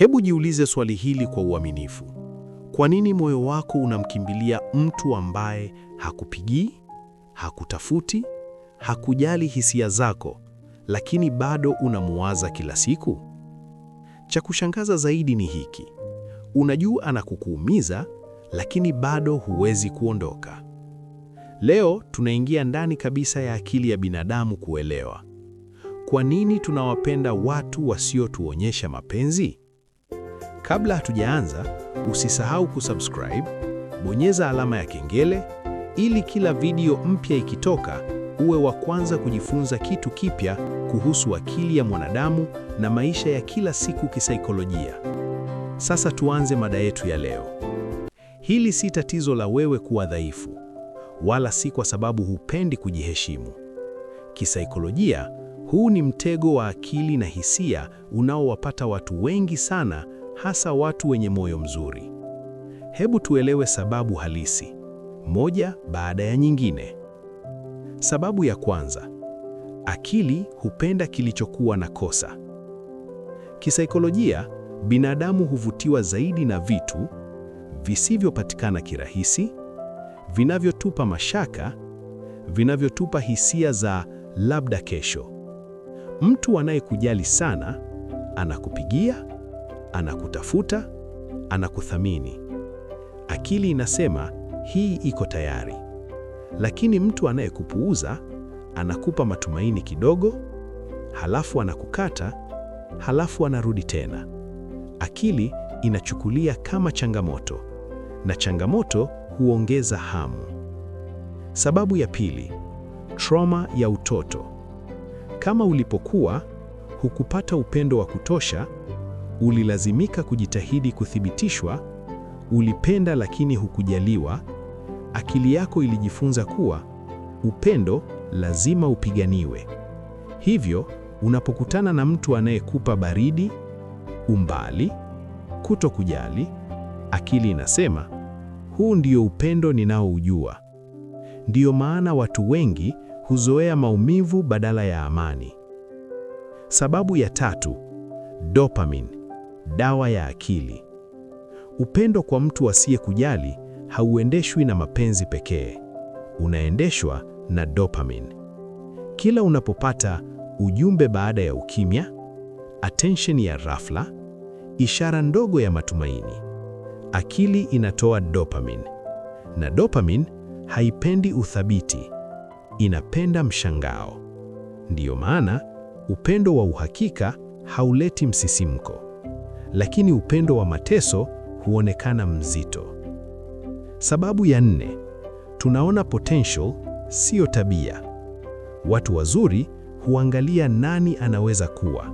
Hebu jiulize swali hili kwa uaminifu. Kwa nini moyo wako unamkimbilia mtu ambaye hakupigii, hakutafuti, hakujali hisia zako, lakini bado unamuwaza kila siku? Cha kushangaza zaidi ni hiki. Unajua anakukuumiza, lakini bado huwezi kuondoka. Leo tunaingia ndani kabisa ya akili ya binadamu kuelewa. Kwa nini tunawapenda watu wasiotuonyesha mapenzi? Kabla hatujaanza, usisahau kusubscribe, bonyeza alama ya kengele ili kila video mpya ikitoka uwe wa kwanza kujifunza kitu kipya kuhusu akili ya mwanadamu na maisha ya kila siku kisaikolojia. Sasa tuanze mada yetu ya leo. Hili si tatizo la wewe kuwa dhaifu, wala si kwa sababu hupendi kujiheshimu. Kisaikolojia, huu ni mtego wa akili na hisia unaowapata watu wengi sana hasa watu wenye moyo mzuri. Hebu tuelewe sababu halisi, moja baada ya nyingine. Sababu ya kwanza, akili hupenda kilichokuwa na kosa. Kisaikolojia, binadamu huvutiwa zaidi na vitu visivyopatikana kirahisi, vinavyotupa mashaka, vinavyotupa hisia za labda kesho. Mtu anayekujali sana anakupigia, Anakutafuta, anakuthamini. Akili inasema hii iko tayari, lakini mtu anayekupuuza anakupa matumaini kidogo, halafu anakukata, halafu anarudi tena. Akili inachukulia kama changamoto, na changamoto huongeza hamu. Sababu ya pili, trauma ya utoto. Kama ulipokuwa hukupata upendo wa kutosha ulilazimika kujitahidi kuthibitishwa, ulipenda lakini hukujaliwa. Akili yako ilijifunza kuwa upendo lazima upiganiwe. Hivyo unapokutana na mtu anayekupa baridi, umbali, kutokujali, akili inasema huu ndio upendo ninaoujua. Ndiyo maana watu wengi huzoea maumivu badala ya amani. Sababu ya tatu, dopamine dawa ya akili. Upendo kwa mtu asiyekujali hauendeshwi na mapenzi pekee, unaendeshwa na dopamine. Kila unapopata ujumbe baada ya ukimya, attention ya rafla, ishara ndogo ya matumaini, akili inatoa dopamine, na dopamine haipendi uthabiti, inapenda mshangao. Ndiyo maana upendo wa uhakika hauleti msisimko lakini upendo wa mateso huonekana mzito. Sababu ya nne, tunaona potential, siyo tabia. Watu wazuri huangalia nani anaweza kuwa,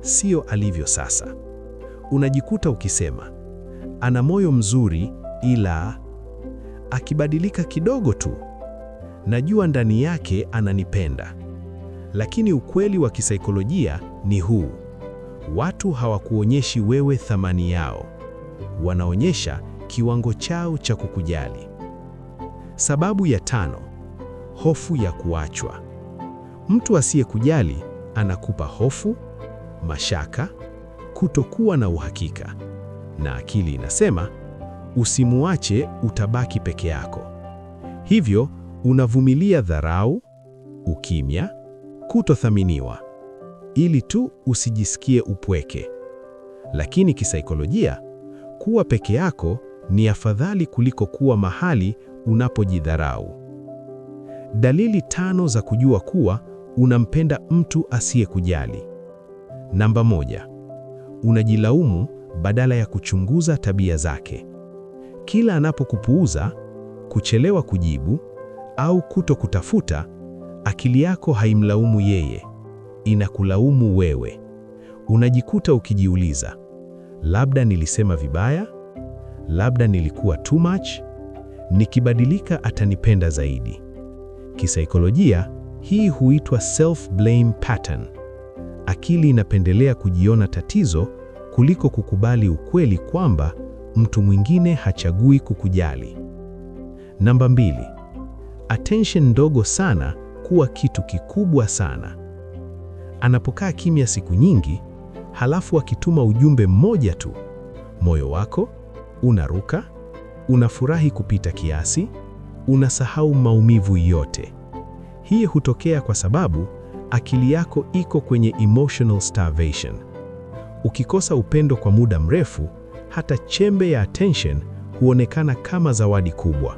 siyo alivyo sasa. Unajikuta ukisema ana moyo mzuri, ila akibadilika kidogo tu, najua ndani yake ananipenda. Lakini ukweli wa kisaikolojia ni huu watu hawakuonyeshi wewe thamani yao, wanaonyesha kiwango chao cha kukujali. Sababu ya tano: hofu ya kuachwa. Mtu asiyekujali anakupa hofu, mashaka, kutokuwa na uhakika, na akili inasema usimuache, utabaki peke yako. Hivyo unavumilia dharau, ukimya, kutothaminiwa ili tu usijisikie upweke. Lakini kisaikolojia, kuwa peke yako ni afadhali kuliko kuwa mahali unapojidharau. Dalili tano za kujua kuwa unampenda mtu asiyekujali. Namba moja, unajilaumu badala ya kuchunguza tabia zake. Kila anapokupuuza, kuchelewa kujibu au kuto kutafuta, akili yako haimlaumu yeye, inakulaumu wewe. Unajikuta ukijiuliza, labda nilisema vibaya, labda nilikuwa too much, nikibadilika atanipenda zaidi. Kisaikolojia hii huitwa self blame pattern. Akili inapendelea kujiona tatizo kuliko kukubali ukweli kwamba mtu mwingine hachagui kukujali. Namba mbili, attention ndogo sana kuwa kitu kikubwa sana. Anapokaa kimya siku nyingi, halafu akituma ujumbe mmoja tu, moyo wako unaruka, unafurahi kupita kiasi, unasahau maumivu yote. Hii hutokea kwa sababu akili yako iko kwenye emotional starvation. Ukikosa upendo kwa muda mrefu, hata chembe ya attention huonekana kama zawadi kubwa.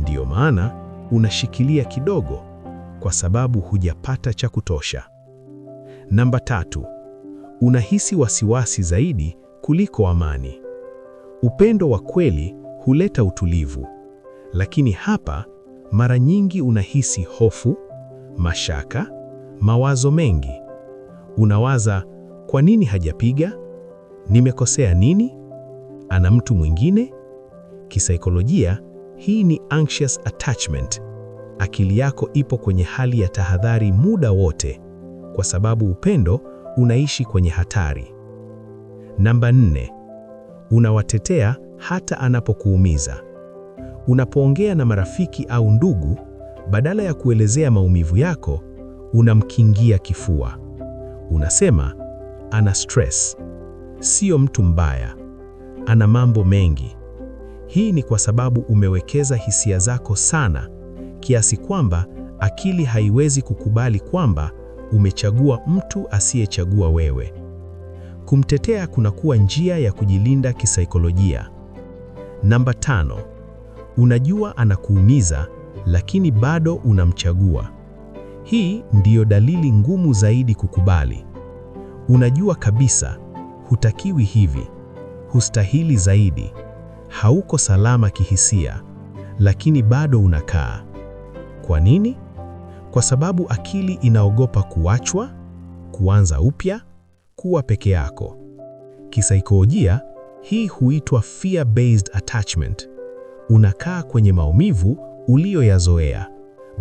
Ndiyo maana unashikilia kidogo, kwa sababu hujapata cha kutosha. Namba tatu, unahisi wasiwasi zaidi kuliko amani. Upendo wa kweli huleta utulivu, lakini hapa mara nyingi unahisi hofu, mashaka, mawazo mengi. Unawaza, kwa nini hajapiga? Nimekosea nini? Ana mtu mwingine? Kisaikolojia, hii ni anxious attachment. Akili yako ipo kwenye hali ya tahadhari muda wote kwa sababu upendo unaishi kwenye hatari. Namba nne, unawatetea hata anapokuumiza. Unapoongea na marafiki au ndugu, badala ya kuelezea maumivu yako, unamkingia kifua. Unasema ana stress, sio mtu mbaya, ana mambo mengi. Hii ni kwa sababu umewekeza hisia zako sana kiasi kwamba akili haiwezi kukubali kwamba umechagua mtu asiyechagua wewe. Kumtetea kunakuwa njia ya kujilinda kisaikolojia. Namba tano, unajua anakuumiza lakini bado unamchagua. Hii ndiyo dalili ngumu zaidi kukubali. Unajua kabisa hutakiwi hivi, hustahili zaidi, hauko salama kihisia, lakini bado unakaa. Kwa nini? kwa sababu akili inaogopa kuachwa, kuanza upya, kuwa peke yako. Kisaikolojia, hii huitwa fear-based attachment. Unakaa kwenye maumivu uliyoyazoea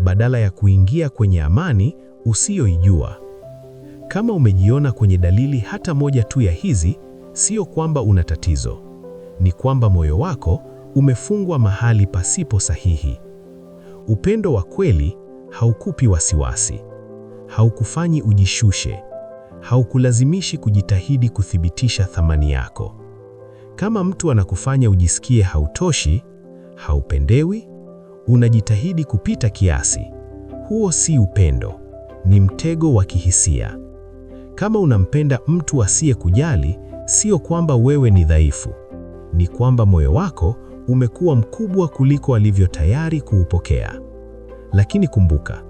badala ya kuingia kwenye amani usiyoijua. Kama umejiona kwenye dalili hata moja tu ya hizi, sio kwamba una tatizo, ni kwamba moyo wako umefungwa mahali pasipo sahihi. Upendo wa kweli haukupi wasiwasi, haukufanyi ujishushe, haukulazimishi kujitahidi kuthibitisha thamani yako. Kama mtu anakufanya ujisikie hautoshi, haupendewi, unajitahidi kupita kiasi, huo si upendo, ni mtego wa kihisia. Kama unampenda mtu asiyekujali, sio kwamba wewe ni dhaifu, ni kwamba moyo wako umekuwa mkubwa kuliko alivyo tayari kuupokea. Lakini kumbuka,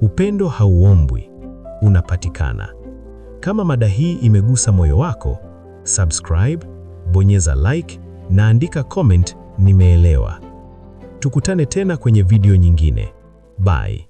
upendo hauombwi, unapatikana. Kama mada hii imegusa moyo wako, subscribe, bonyeza like na andika comment nimeelewa. Tukutane tena kwenye video nyingine. Bye.